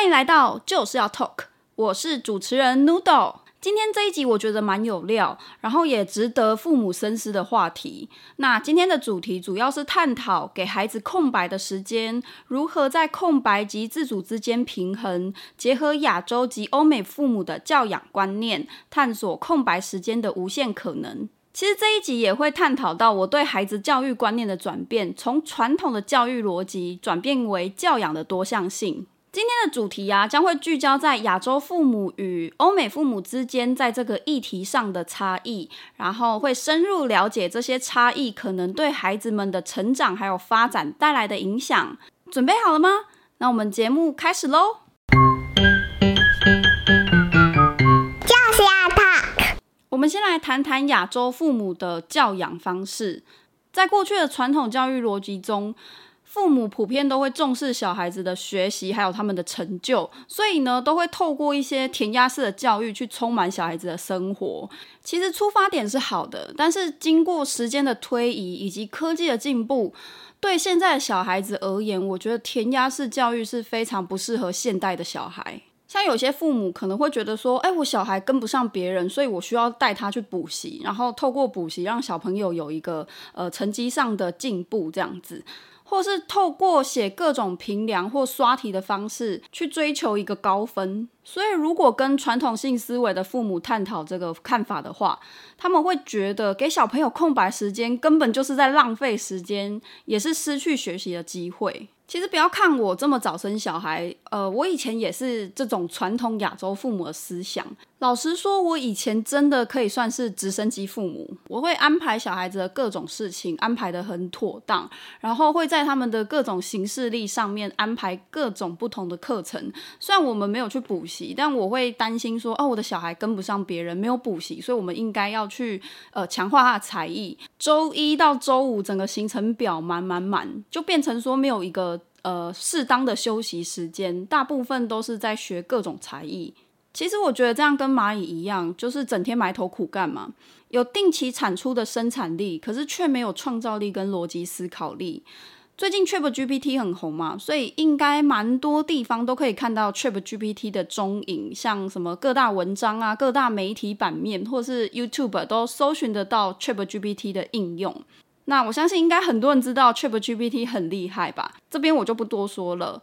歡迎來到就是要 Talk，我是主持人 Noodle。今天這一集我覺得蠻有料，然後也值得父母深思的話題。那今天的主題主要是探討給孩子空白的時間，如何在空白及自主之間平衡，結合亞洲及歐美父母的教養觀念，探索空白時間的無限可能。其實這一集也會探討到我對孩子教育觀念的轉變，從傳統的教育邏輯轉變為教養的多項性。今天的主題呀、啊，將會聚焦在亞洲父母與歐美父母之間在這個議題上的差異，然後會深入了解這些差異可能對孩子們的成長還有發展帶來的影響。準備好了嗎？那我們節目開始嘍！就是要 TALK，我們先來談談亞洲父母的教養方式。在過去的傳統教育邏輯中，父母普遍都會重視小孩子的學習，還有他們的成就，所以呢，都會透過一些填鴨式的教育去充滿小孩子的生活。其實出發點是好的，但是經過時間的推移以及科技的進步，對現在的小孩子而言，我覺得填鴨式教育是非常不適合現代的小孩。像有些父母可能會覺得說，哎，我小孩跟不上別人，所以我需要帶他去補習，然後透過補習讓小朋友有一個呃成績上的進步，這樣子。或是透過寫各種評量或刷題的方式去追求一個高分，所以如果跟傳統性思維的父母探討這個看法的話，他們會覺得給小朋友空白時間根本就是在浪費時間，也是失去學習的機會。其實不要看我這麼早生小孩，呃，我以前也是這種傳統亞洲父母的思想。老實說，我以前真的可以算是直升機父母，我會安排小孩子的各種事情，安排得很妥當，然後會在他們的各種行事曆上面安排各種不同的課程。雖然我們沒有去補習，但我會擔心說，哦，我的小孩跟不上別人，沒有補習，所以我們應該要去呃強化他的才藝。週一到週五整個行程表滿滿滿滿，就變成說沒有一個呃適當的休息時間，大部分都是在學各種才藝。其實我覺得這樣跟螞蟻一樣，就是整天埋頭苦幹嘛，有定期產出的生產力，可是卻沒有創造力跟邏輯思考力。最近 ChatGPT 很紅嘛，所以應該蠻多地方都可以看到 ChatGPT 的蹤影，像什麼各大文章啊、各大媒體版面或是 YouTube 都搜尋得到 ChatGPT 的應用。那我相信應該很多人知道 ChatGPT 很厲害吧，這邊我就不多說了。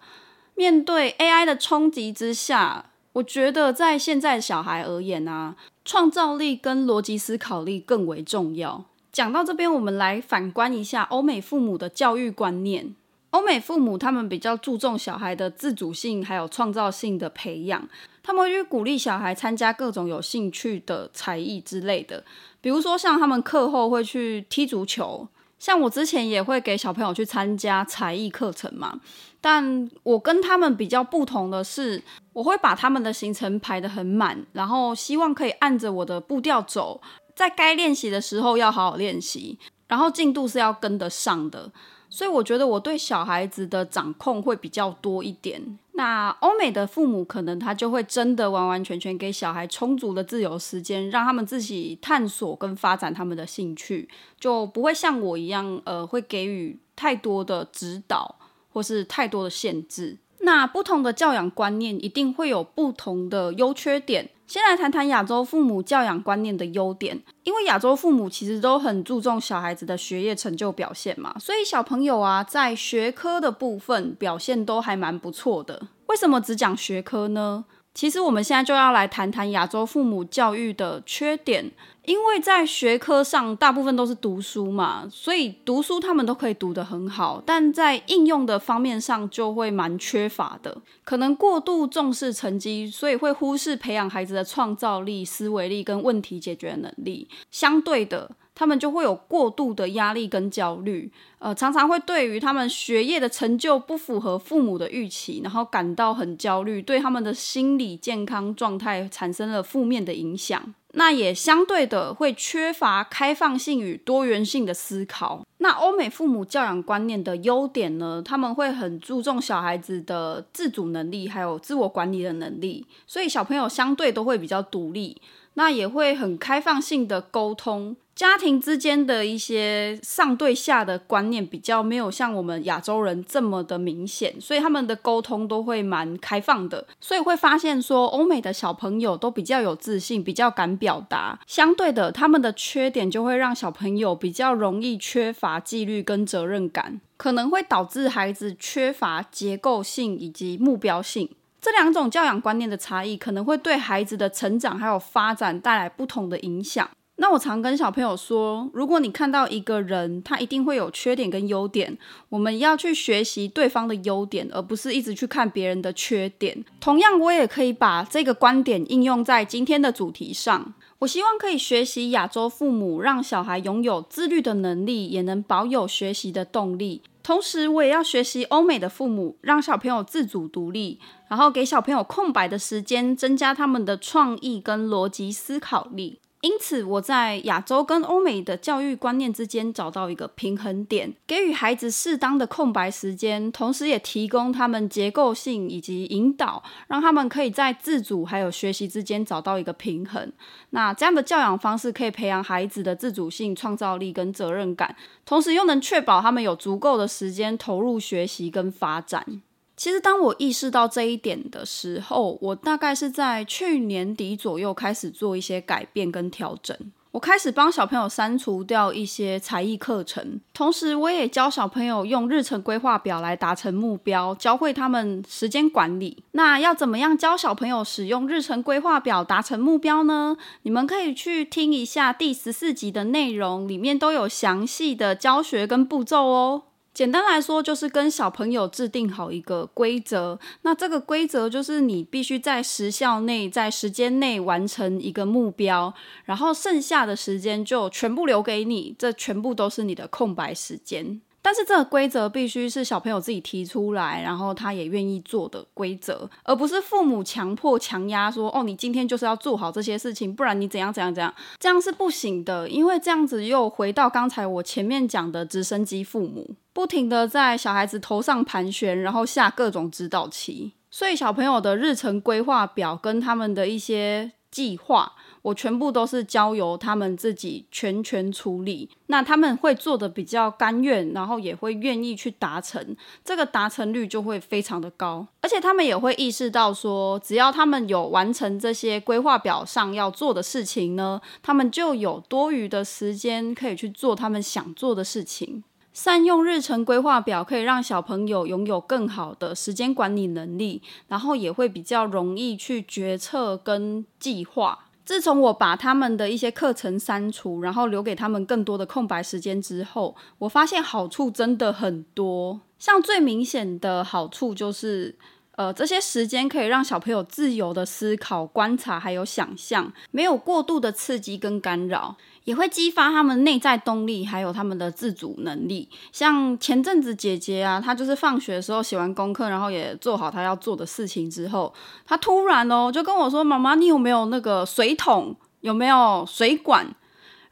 面對 AI 的衝擊之下，我覺得在現在小孩而言啊，創造力跟邏輯思考力更為重要。講到這邊，我們來反觀一下歐美父母的教育觀念。歐美父母他們比較注重小孩的自主性，還有創造性的培養。他們會去鼓勵小孩參加各種有興趣的才藝之類的，比如說像他們課後會去踢足球。像我之前也會給小朋友去參加才藝課程嘛，但我跟他們比較不同的是。我會把他們的行程排得很滿，然後希望可以按着我的步調走，在該練習的時候要好好練習，然後進度是要跟得上的，所以我覺得我對小孩子的掌控會比較多一點。那歐美的父母可能他就會真的完完全全給小孩充足的自由時間，讓他們自己探索跟發展他們的興趣，就不會像我一樣，呃，會給予太多的指導或是太多的限制。那不同的教養觀念一定會有不同的優缺點。先來談談亞洲父母教養觀念的優點。因為亞洲父母其實都很注重小孩子的學業成就表現嘛，所以小朋友啊，在學科的部分表現都還蠻不錯的。為什麼只講學科呢？其實我們現在就要來談談亞洲父母教育的缺點，因為在學科上大部分都是讀書嘛，所以讀書他們都可以讀得很好，但在應用的方面上就會蠻缺乏的，可能過度重視成績，所以會忽視培養孩子的創造力、思維力跟問題解決的能力。相對的。他們就會有過度的壓力跟焦慮，呃，常常會對於他們學業的成就不符合父母的預期，然後感到很焦慮，對他們的心理健康狀態產生了負面的影響。那也相對的會缺乏開放性與多元性的思考。那歐美父母教養觀念的優點呢？他們會很注重小孩子的自主能力，還有自我管理的能力，所以小朋友相對都會比較獨立，那也會很開放性的溝通。家庭之間的一些上對下的觀念比較沒有像我們亞洲人這麼的明顯，所以他們的溝通都會蠻開放的，所以會發現說歐美的小朋友都比較有自信，比較敢表達。相對的，他們的缺點就會讓小朋友比較容易缺乏紀律跟責任感，可能會導致孩子缺乏結構性以及目標性。這兩種教養觀念的差異，可能會對孩子的成長還有發展帶來不同的影響。那我常跟小朋友說，如果你看到一個人，他一定會有缺點跟優點。我們要去學習對方的優點，而不是一直去看別人的缺點。同樣，我也可以把這個觀點應用在今天的主題上。我希望可以學習亞洲父母，讓小孩擁有自律的能力，也能保有學習的動力。同時，我也要學習歐美的父母，讓小朋友自主獨立，然後給小朋友空白的時間，增加他們的創意跟邏輯思考力。因此，我在亞洲跟歐美的教育觀念之間找到一個平衡點，給予孩子適當的空白時間，同時也提供他們結構性以及引導，讓他們可以在自主還有學習之間找到一個平衡。那這樣的教養方式可以培養孩子的自主性、創造力跟責任感，同時又能確保他們有足夠的時間投入學習跟發展。其實，當我意識到這一點的時候，我大概是在去年底左右開始做一些改變跟調整。我開始幫小朋友刪除掉一些才藝課程，同時我也教小朋友用日程規劃表來達成目標，教會他們時間管理。那要怎麼樣教小朋友使用日程規劃表達成目標呢？你們可以去聽一下第十四集的內容，裡面都有詳細的教學跟步驟哦。簡單來說，就是跟小朋友制定好一個規則。那這個規則就是你必須在時效內、在時間內完成一個目標，然後剩下的時間就全部留給你，這全部都是你的空白時間。但是這個規則必須是小朋友自己提出來，然後他也願意做的規則，而不是父母強迫強壓說：“哦，你今天就是要做好這些事情，不然你怎樣怎樣怎樣。”這樣是不行的，因為這樣子又回到剛才我前面講的直升機父母。不停的在小孩子頭上盤旋，然後下各種指導棋，所以小朋友的日程規劃表跟他們的一些計劃，我全部都是交由他們自己全權處理。那他們會做的比較甘願，然後也會願意去達成，這個達成率就會非常的高。而且他們也會意識到說，只要他們有完成這些規劃表上要做的事情呢，他們就有多餘的時間可以去做他們想做的事情。善用日程規劃表，可以讓小朋友擁有更好的時間管理能力，然後也會比較容易去決策跟計劃。自從我把他們的一些課程刪除，然後留給他們更多的空白時間之後，我發現好處真的很多。像最明顯的好處就是。呃，這些時間可以讓小朋友自由的思考、觀察，還有想象，沒有過度的刺激跟干擾，也會激發他們內在動力，還有他們的自主能力。像前陣子姐姐啊，她就是放學的時候寫完功課，然後也做好她要做的事情之後，她突然哦，就跟我說：“媽媽，你有沒有那個水桶？有沒有水管？”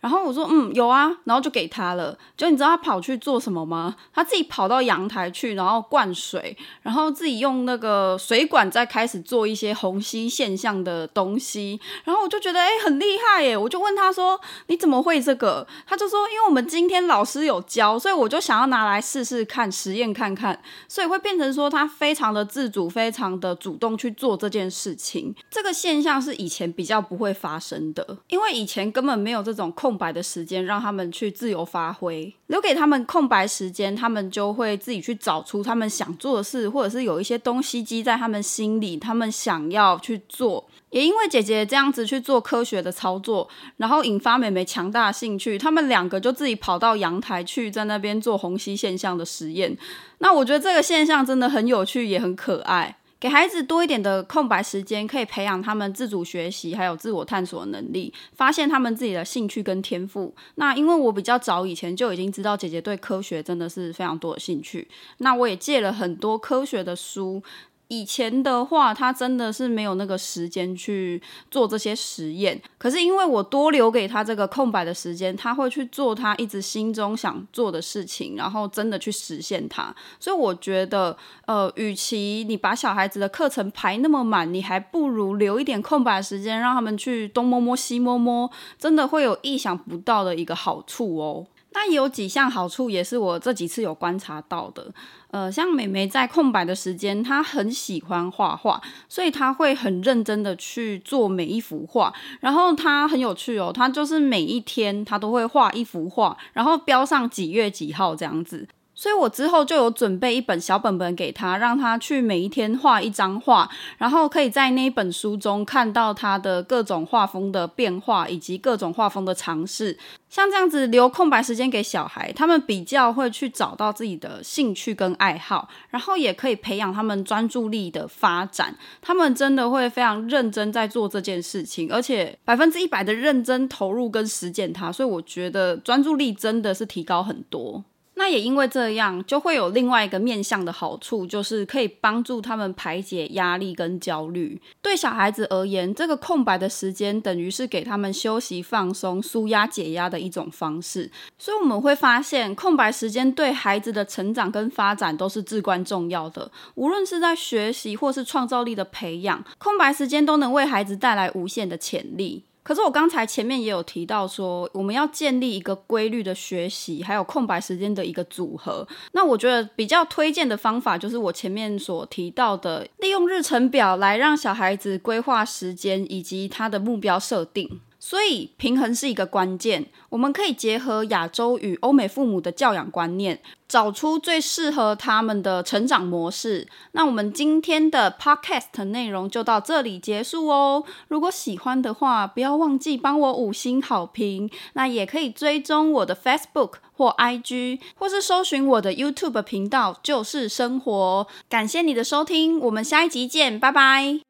然後我說嗯，有啊，然後就給他了。就你知道他跑去做什麼嗎？他自己跑到陽台去，然後灌水，然後自己用那個水管再開始做一些虹吸現象的東西。然後我就覺得哎、欸、很厲害耶！我就問他說，你怎麼會這個？他就說，因為我們今天老師有教，所以我就想要拿來試試看實驗看看，所以會變成說他非常的自主，非常的主動去做這件事情。這個現象是以前比較不會發生的，因為以前根本沒有這種控。空白的時間讓他們去自由發揮，留給他們空白時間，他們就會自己去找出他們想做的事，或者是有一些東西積在他們心裡，他們想要去做。也因為姐姐這樣子去做科學的操作，然後引發妹妹強大興趣，他們兩個就自己跑到陽台去，在那邊做虹吸現象的實驗。那我覺得這個現象真的很有趣，也很可愛。給孩子多一點的空白時間，可以培養他們自主學習還有自我探索的能力，發現他們自己的興趣跟天賦。那因為我比較早以前就已經知道姐姐對科學真的是非常多的興趣，那我也借了很多科學的書。以前的話，他真的是沒有那個時間去做這些實驗。可是因為我多留給他這個空白的時間，他會去做他一直心中想做的事情，然後真的去實現它。所以我覺得，呃，與其你把小孩子的課程排那麼滿，你還不如留一點空白的時間，讓他們去東摸摸西摸摸，真的會有意想不到的一個好處哦。它有幾項好處，也是我這幾次有觀察到的。呃，像美美在空白的時間，她很喜歡畫畫，所以她會很認真的去做每一幅畫。然後她很有趣哦、喔，她就是每一天她都會畫一幅畫，然後標上幾月幾號這樣子。所以我之後就有準備一本小本本給他，讓他去每一天畫一張畫，然後可以在那一本書中看到他的各種畫風的變化以及各種畫風的嘗試。像這樣子留空白時間給小孩，他們比較會去找到自己的興趣跟愛好，然後也可以培養他們專注力的發展。他們真的會非常認真在做這件事情，而且百分之一百的認真投入跟實踐它，所以我覺得專注力真的是提高很多。那也因為這樣，就會有另外一個面向的好處，就是可以幫助他們排解壓力跟焦慮。對小孩子而言，這個空白的時間等於是給他們休息、放鬆、舒壓、解壓的一種方式。所以我們會發現，空白時間對孩子的成長跟發展都是至關重要的，無論是在學習或是創造力的培養，空白時間都能為孩子帶來無限的潛力。可是我剛才前面也有提到說，我們要建立一個規律的學習，還有空白時間的一個組合。那我覺得比較推薦的方法就是我前面所提到的，利用日程表來讓小孩子規劃時間以及他的目標設定。所以平衡是一個關鍵，我們可以結合亞洲與歐美父母的教養觀念，找出最適合他們的成長模式。那我們今天的 Podcast 內容就到這裡結束哦。如果喜歡的話，不要忘記幫我五星好評，那也可以追蹤我的 Facebook 或 IG，或是搜尋我的 YouTube 頻道，就是生活。感謝你的收聽，我們下一集見，拜拜。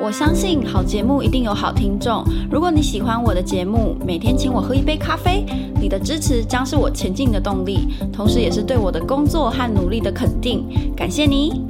我相信好節目一定有好聽眾。如果你喜歡我的節目，每天請我喝一杯咖啡，你的支持將是我前進的動力，同時也是對我的工作和努力的肯定。感謝你。